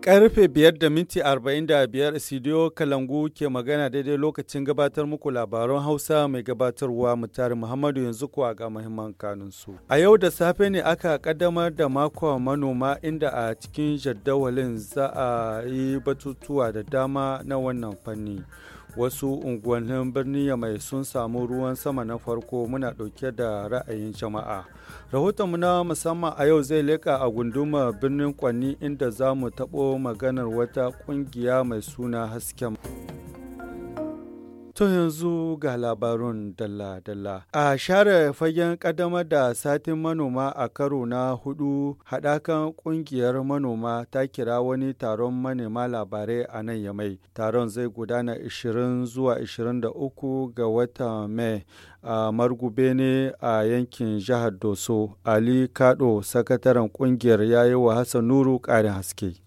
Karfe 5 da minti 45 Isidiyo Kalangu ke magana daidai lokacin gabatar muku labaran Hausa mai gabatarwa mutari Muhammadu yanzu kuwa ga mahimman kanunsu. A yau da safe ne aka kaddamar da makon manoma inda a cikin jadawalin za a yi batutuwa da dama na wannan fanni. wasu unguwannin birnin mai sun samu ruwan sama na farko muna ɗauke da ra'ayin jama'a rahotonmu na musamman a yau zai leƙa a gunduma birnin kwanni inda za mu taɓo maganar wata ƙungiya mai suna hasken To yanzu ga labarun dalla-dalla. A share fagen ƙaddamar da satin manoma a karo na hudu haɗakan ƙungiyar manoma ta kira wani taron manema labarai a nan yamai. Taron zai gudana 20 zuwa 23 ga watan Mai a margube ne a yankin jihar Doso. Ali Kado, sakataren ƙungiyar ya yi wa Hassan Nuru ƙarin haske.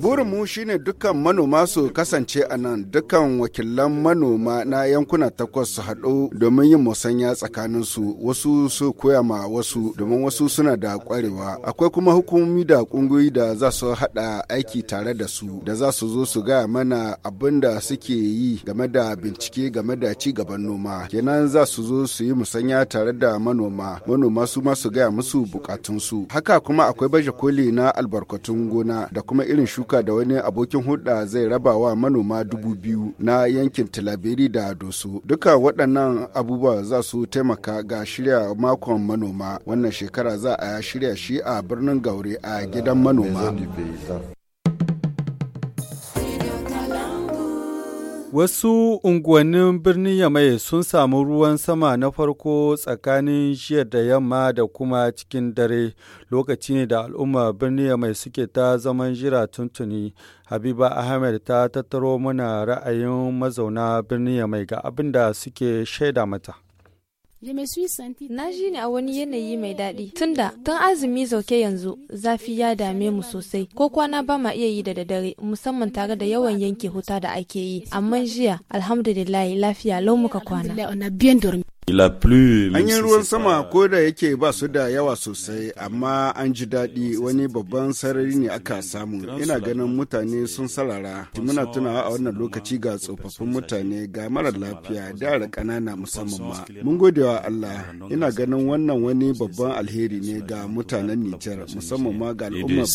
Burinmu shine dukkan manoma su kasance a nan dukkan wakilan manoma na yankuna takwas su haɗu domin yin musanya tsakanin su wasu su koya ma wasu domin wasu suna da kwarewa. Akwai kuma hukumomi da ƙungiyoyi da za su haɗa aiki tare da su da za su zo su gaya mana abin da suke yi game da bincike game da ci gaban noma. Kenan za su zo su yi musanya tare da manoma manoma su ma su gaya musu bukatunsu. Haka kuma akwai baje koli na albarkatun gona gona da kuma irin shuka da wani abokin hulɗa zai raba wa manoma dubu biyu na yankin talaberi da doso duka waɗannan abubuwa za su taimaka ga shirya makon manoma wannan shekara za a shirya shi a birnin gaure a gidan manoma Wasu unguwannin birnin Yamai sun samu ruwan sama na farko tsakanin jiya da yamma da kuma cikin dare lokaci ne da al'umma birnin Yamai suke ta zaman jira tuntuni. Habiba Ahmed ta tattaro mana ra'ayin mazauna birnin Yamai ga abin da suke shaida mata. Na ji ne a wani yanayi mai daɗi. Tunda tun azumi zauke yanzu zafi ya dame mu sosai ko kwana ba ma iya yi da daddare musamman tare da yawan yanke huta da ake yi. Amma jiya alhamdulillahi lafiya lau muka kwana. An yi ruwan sama ko da yake ba su da yawa sosai amma an ji daɗi wani babban sarari ne aka samu. Ina ganin mutane sun sarara. Muna tunawa a wannan lokaci ga tsofaffin mutane ga mara lafiya da yara ƙanana musamman ma. Mun gode wa Allah. Ina ganin wannan wani babban alheri ne ga mutanen Nijar musamman ma ga al'ummar.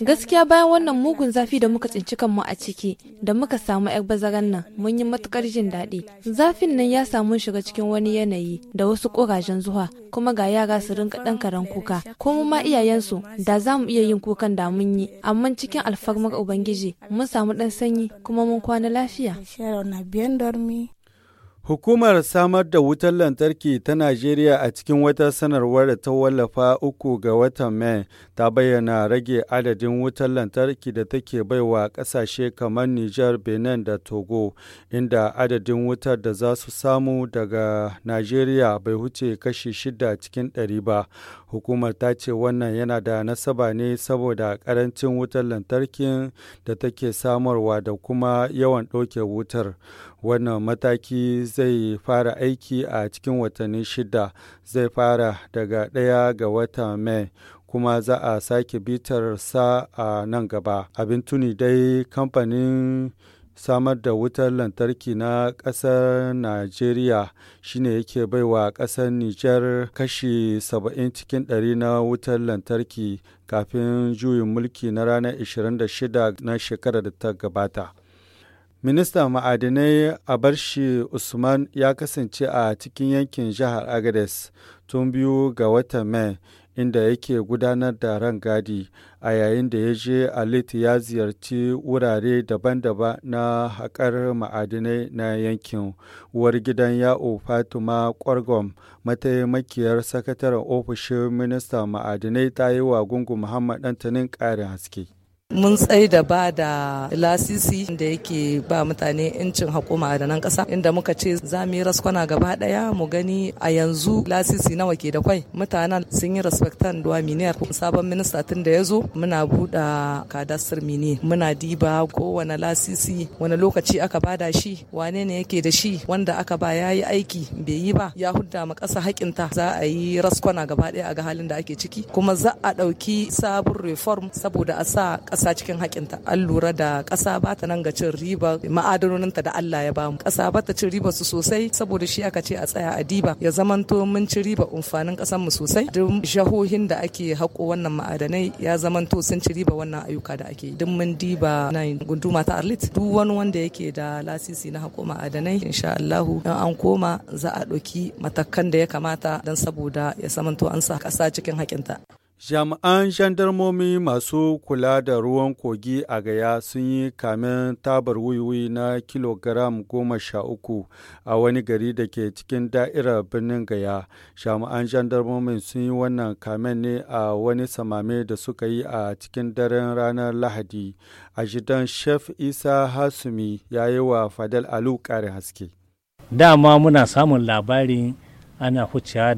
Gaskiya bayan wannan mugun zafi da muka tsinci kanmu a ciki da muka samu 'yar bazaran nan mun yi matukar jin daɗi. Zafin nan ya samu shiga cikin wani yanayi da wasu ƙorajen zuwa kuma ga yara su rinka ɗan karen kuka. Ko mu ma iyayensu da za mu iya yin kukan da mun yi amma cikin alfarmar Ubangiji mun samu ɗan sanyi kuma mun kwana lafiya. Hukumar samar da wutar lantarki ta Najeriya a cikin wata sanarwar da ta wallafa uku ga watan Mai ta bayyana rage adadin wutar lantarki da take baiwa ƙasashe kamar Nijar, Benin da Togo, inda adadin wutar da za su samu daga Najeriya bai huce kashi shida cikin ɗari ba. Hukumar ta ce wannan yana da nasaba ne saboda ƙarancin wutar lantarkin da take samarwa da kuma yawan ɗauke wutar. Wannan mataki zai fara aiki a cikin watanni shida zai fara daga ɗaya ga wata mai kuma za a sake bitar sa a nan gaba abin tuni dai kamfanin samar da wutar lantarki na ƙasar Najeriya shine yake baiwa ƙasar Nijar kashi 70 cikin 100 na wutar lantarki kafin juyin mulki na ranar 26 na shekarar da ta gabata. Ministan ma'adinai a barshi Usman ya kasance a cikin yankin jihar Agades tun biyu ga watan Mai inda yake gudanar da ran gadi a yayin da ya je Alit ya ziyarci wurare daban-daban na haƙar ma'adinai na yankin uwar gidan ya'o Fatima Kwargom mataimakiyar sakataren ofishin ministan ma'adinai ta yi wa gungun Muhammad Antanin ƙarin haske. mun tsai da ba da lasisi da yake ba mutane incin haƙo nan ƙasa inda muka ce za mu yi raskwana gaba ɗaya mu gani a yanzu lasisi nawa ke da kwai mutanen sun yi respectan duwa miniyar sabon minista tun da ya zo muna buɗa kadastar mini muna diba kowane lasisi wani lokaci aka ba da shi wane ne yake da shi wanda aka ba ya yi aiki bai yi ba ya hudda ma ƙasa hakinta. za a yi raskwana gaba ɗaya a ga halin da ake ciki kuma za a ɗauki sabon reform saboda a sa ƙasa cikin haƙinta an lura da kasa ba ta nan ga cin riba ma'adanoninta da Allah ya bamu kasa ba ta cin riba su sosai saboda shi aka ce a tsaya a diba ya zamanto mun ci riba umfanin kasan mu sosai duk jahohin da ake haƙo wannan ma'adanai ya zamanto sun ci riba wannan ayyuka da ake duk mun diba na gunduma ta Arlit duk wani wanda yake da lasisi na haƙo ma'adanai insha Allah in an koma za a ɗauki matakan da ya kamata don saboda ya zamanto an sa ƙasa cikin haƙinta Jami'an jandarmomi masu kula da ruwan kogi a gaya sun yi kamen tabar wiwi na kilogram goma sha uku a wani gari da ke cikin da'irar birnin gaya. Jami'an gendarmomi sun yi wannan kamen ne a wani samame da suka yi a cikin daren ranar Lahadi. A jidan Chef Isa Hasumi ya yi wa Fadal Alu ƙarin haske. Dama muna samun labarin ana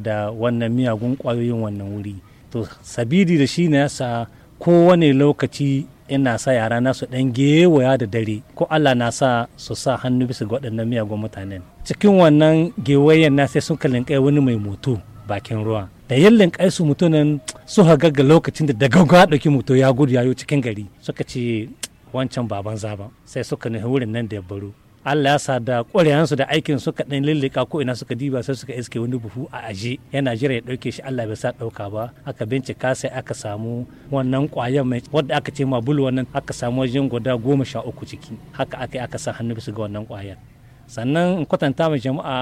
da wannan miyagun ƙwayoyin wannan wuri. to sabidi da shi ne yasa kowane lokaci ina sa yara na su dan gewaya da dare ko Allah na sa su sa hannu bisa ga waɗannan miyagun mutanen cikin wannan gewayen na sai sun kai wani mai moto bakin ruwa da yallin su mutunan su haga ga lokacin da daga ga ɗauki moto ya gudu yayo cikin gari suka ce wancan baban zaba sai suka nufi wurin nan da ya baro Allah ya sa da ƙwarewansu da aikin suka ɗan lullika ko ina suka diba sai suka iske wani buhu a aje yana jira ya ɗauke shi Allah bai sa ɗauka ba aka bincika sai aka samu wannan ƙwayar mai wadda aka ce ma bulu wannan aka samu wajen guda goma sha uku ciki haka aka yi aka sa hannu bisa ga wannan ƙwayar sannan in kwatanta ma jama'a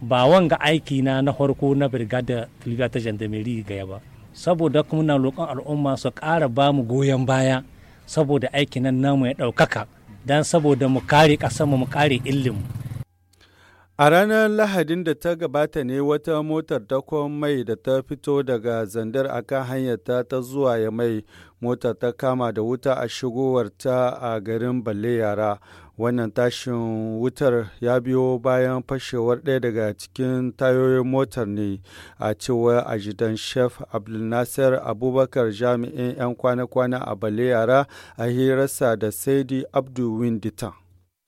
ba wanga aiki na na farko na brigada libya ta gendarmerie gaya ba saboda kuma na roƙon al'umma su ƙara ba mu goyon baya saboda aikin nan namu ya ɗaukaka don saboda mu kare ƙasarmu mu kare illinmu. A ranar Lahadin da ta gabata ne wata motar dakon mai da ta fito daga zandar akan hanyarta ta zuwa ya mai motar ta kama da wuta a shigowarta a garin Balle Yara. wannan tashin wutar ya biyo bayan fashewar ɗaya daga cikin tayoyin motar ne a cewar ajidan chef abdulnasir abubakar jami'in 'yan kwana-kwana a bale yara a hirarsa da saidi abdu winditan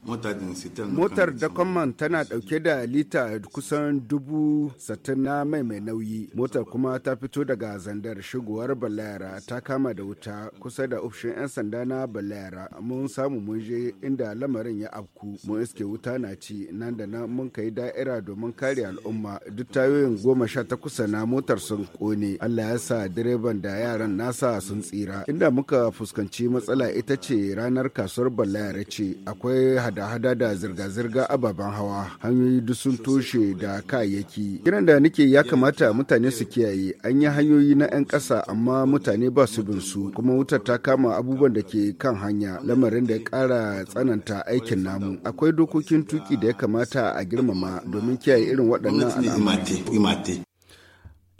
Motar Dakonman tana dauke da lita kusan dubu satin na mai mai nauyi. Motar kuma ta fito daga zandar shigowar Balayara ta kama da wuta kusa da ofishin 'yan sanda na Balayara. Mun samu mun je inda lamarin ya afku. Mun iske wuta na ci nan da nan mun kai da'ira domin kare al'umma. Duk tayoyin goma sha kusa na motar sun kone. Allah ya sa direban da yaran nasa sun tsira. Inda muka fuskanci matsala ita ce ranar kasuwar Balayara ce. Akwai hada-hada da zirga-zirga ababen hawa hanyoyi duk sun toshe da kayayyaki kiran da nake ya kamata mutane su kiyaye an yi hanyoyi na 'yan ƙasa amma mutane ba su bin su kuma wutar ta kama abubuwan da ke kan hanya lamarin da ya ƙara tsananta aikin namu akwai dokokin tuki da ya kamata a girmama domin kiyaye irin waɗannan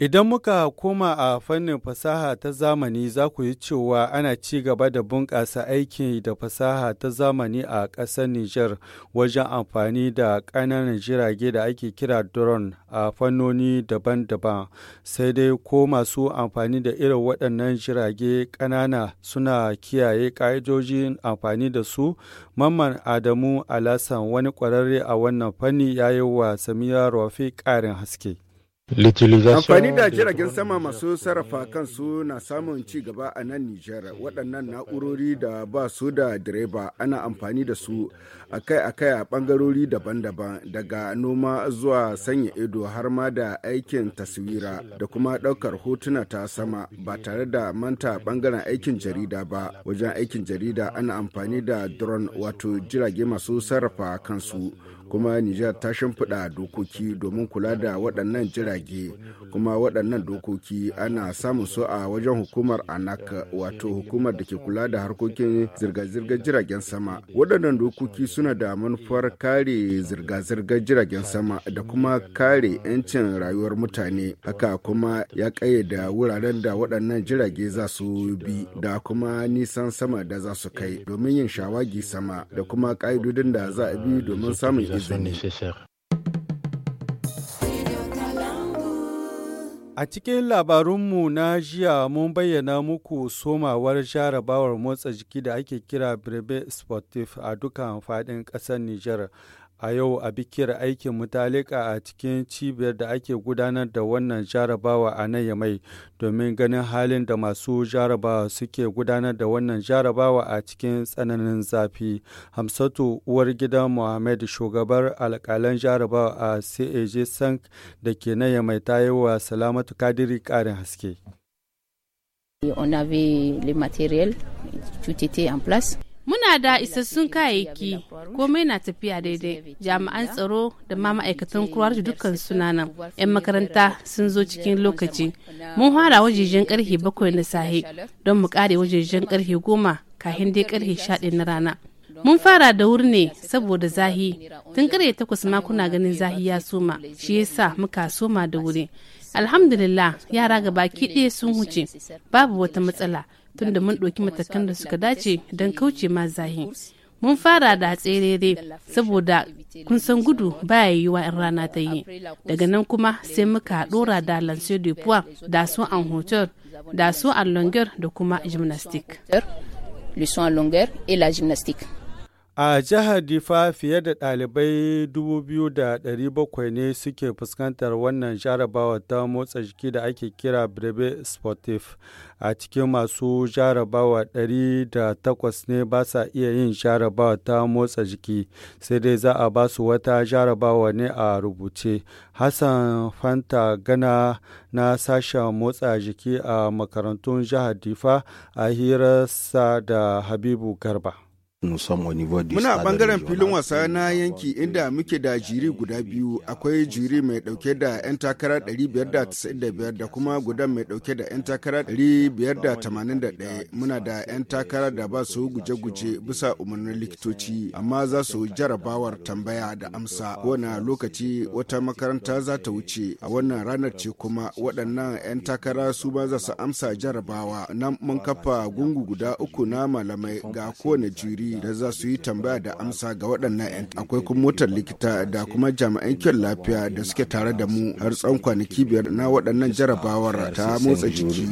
Idan muka koma a fannin fasaha ta zamani za ku yi cewa ana ci gaba da bunƙasa aiki da fasaha ta zamani a ƙasar Nijar wajen amfani da ƙananan jirage da ake kira drone a fannoni daban-daban. Sai dai ko masu amfani da irin waɗannan jirage ƙanana suna kiyaye ƙa'idojin amfani da su. Mamman Adamu Alasan wani ƙwararre a wannan fanni ya yi wa Samira Rafi ƙarin haske. Amfani da jiragen sama masu sarrafa kansu na samun ci gaba a nan Nijar. Waɗannan na'urori da ba su da direba ana amfani da su akai-akai a ɓangarori daban-daban daga noma zuwa sanya ido har ma da aikin taswira da kuma ɗaukar hotuna ta sama ba tare da manta bangaren aikin jarida ba. Wajen aikin jarida ana amfani da drone wato jirage masu sarrafa kansu. kuma Nijar ta shimfiɗa dokoki domin kula da waɗannan jirage kuma waɗannan dokoki ana samun su a wajen hukumar anak wato hukumar da ke kula da harkokin zirga-zirgar jiragen sama waɗannan dokoki suna da manufar kare zirga-zirgar jiragen sama da kuma kare 'yancin rayuwar mutane haka kuma ya ƙayyada wuraren da waɗannan jirage za su bi da kuma nisan sama da za su kai domin yin shawagi sama da kuma ƙa'idodin da za a bi domin samun A cikin labarunmu na jiya mun bayyana muku somawar jarabawar motsa jiki da ake kira Brebe Sportif a dukkan faɗin ƙasar Nijar. a yau a bikiyar aikin mutalika a cikin cibiyar da ake gudanar da wannan jarabawa a nan yamai domin ganin halin da masu jarabawa suke gudanar da wannan jarabawa a cikin tsananin zafi hamsatu uwar gidan mohamed shugabar alkalan jarabawa a caj sank da ke nan yamai ta yi wa salamatu kadiri karin haske On avait Muna da isassun kayayyaki komai na tafiya daidai jami'an tsaro da ma ma'aikatan kurwar dukkan nan 'yan makaranta sun zo cikin lokaci. Mun fara wajejen karfe bakwai na sahi don mu kare wajejen karfe goma kafin dai karfe sha na rana. Mun fara da wuri ne saboda zahi tun karfe takwas ma kuna ganin zahi ya soma shi yasa muka soma da wuri. alhamdulillah yara ga baki ɗaya sun wuce babu wata matsala tunda mun ɗauki matakan da suka dace don kauce ma zahi mun fara da tserere saboda kun san gudu baya yiwuwa in rana ta yi daga nan kuma sai muka dora da lancer de poids da su an hotel da su an longueur da kuma gymnastique. Le A jihar Difa fiye da ɗalibai 2,700 ne suke fuskantar wannan jarabawa ta motsa jiki da ake kira Brebe Sportif. A cikin masu jarabawa 108 ne ba sa iya yin jarabawa ta motsa jiki, sai dai za a ba su wata jarabawa ne a rubuce. Hassan Fanta Gana na sashen motsa jiki a makarantun jihar Difa a hirarsa da Habibu Garba. Muna bangaren filin wasa na yanki inda muke da jiri guda biyu akwai jiri mai dauke da 'yan takara 595 da kuma gudan mai dauke da 'yan takara 581 muna da 'yan takara da ba su guje-guje bisa umarnin likitoci amma za su jarabawar tambaya da amsa wani lokaci wata makaranta za ta wuce a wannan ranar ce kuma waɗannan 'yan takara su ba za su amsa jarabawa nan mun kafa gungu guda uku na malamai ga kowane jiri da za su yi tambaya da amsa ga waɗannan 'yan akwai kuma motar likita da kuma jami'an kiwon lafiya da suke tare da mu har tsawon kwanaki biyar na waɗannan jarabawar ta motsa jiki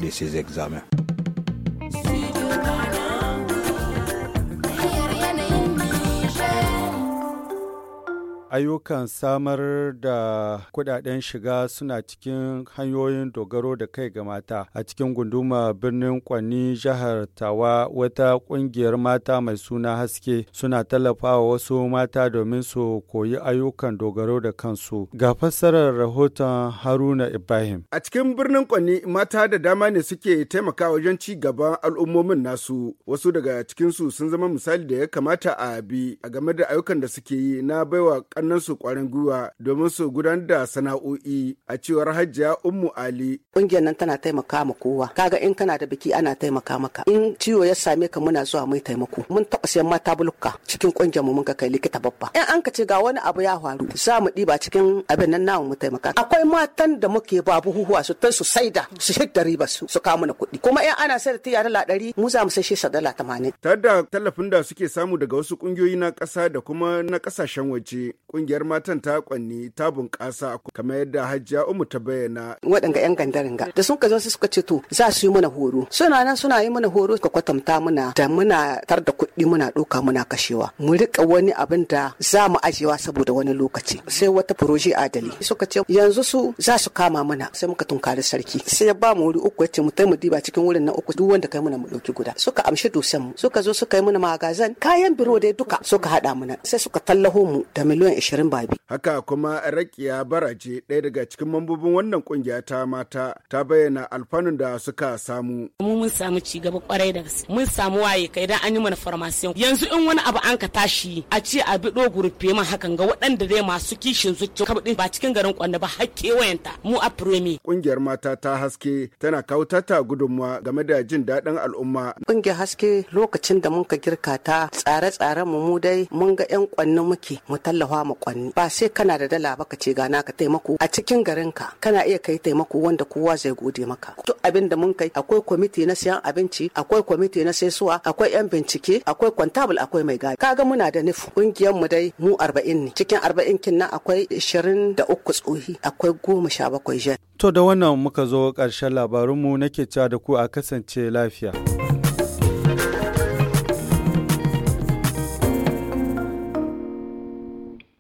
ayyukan samar da kudaden shiga suna cikin hanyoyin dogaro da kai ga mata a cikin gunduma birnin kwanni jihar tawa wata kungiyar mata mai suna haske suna tallafawa wasu mata domin su koyi ayyukan dogaro da kansu ga fassarar rahoton haruna ibrahim a cikin birnin kwanni mata da dama ne suke taimakawa wajen ci gaban al'ummomin nasu wasu daga cikinsu sun zama misali da ya kamata a bi a game da ayyukan da suke yi na baiwa kannansu kwarin gwiwa domin su gudanar da sana'o'i a cewar hajjiya Ummu Ali. Ƙungiyar nan tana taimaka ma kowa. Kaga in kana da biki ana taimaka maka. In ciwo ya same ka muna zuwa mai taimako. Mun taɓa sayan mata bulukka cikin ƙungiyar mu mun ka kai likita babba. In an ka ce ga wani abu ya faru za mu ɗiba cikin abin nan namu mu taimaka. Akwai matan da muke ba buhuhuwa su tan su saida su hidda riba su su kawo mana kuɗi. Kuma in ana sayar da tiya dala ɗari mu za mu sai shi sa dala tamanin. Tare da tallafin da suke samu daga wasu ƙungiyoyi na ƙasa da kuma na ƙasashen waje. kungiyar matan ta kwanni ta bunƙasa kamar yadda hajjiya umu ta bayyana. waɗanga 'yan gandaringa da sun ka zo suka ce to za su yi mana horo suna nan suna yi mana horo ka kwatanta muna da muna tar da kuɗi muna ɗauka muna kashewa mu riƙa wani abin da za mu ajewa saboda wani lokaci sai wata furoji adali suka ce yanzu su za su kama mana sai muka tunkari sarki sai ya ba mu wuri uku ya ce mu tai mu diba cikin wurin na uku duk wanda kai muna mu ɗauki guda suka amshi dusan mu suka zo suka yi mana magazan kayan biro dai duka suka haɗa muna sai suka tallaho mu da miliyan 20 ba Haka kuma Rakiya Baraje ɗaya daga cikin mambobin wannan kungiya ta mata ta bayyana alfanun da suka samu. Mu mun samu ci gaba kwarai da gaske. Mun samu waye kai dan an yi mana farmasiyon. Yanzu in wani abu an ka tashi a ce a bi gurfe man hakan ga waɗanda dai masu kishin zuciya kabɗin ba cikin garin kwanda ba har wayanta mu a firemi. Kungiyar mata ta haske tana kawo tata gudunmuwa game da jin daɗin al'umma. Kungiyar haske lokacin da mun ka girka ta tsare tsare mu mu dai mun ga 'yan kwanne muke mu tallafa kama ba sai kana da dala ba ka ce gana ka taimako a cikin garin ka kana iya kai taimako wanda kowa zai gode maka duk abin da mun kai akwai kwamiti na siyan abinci akwai kwamiti na saisuwa akwai yan bincike akwai kwantabul akwai mai gadi kaga muna da nufi kungiyar mu dai mu 40 ne cikin 40 kin nan akwai 23 tsohi akwai 17 jen to da wannan muka zo ƙarshen labarunmu nake cewa da ku a kasance lafiya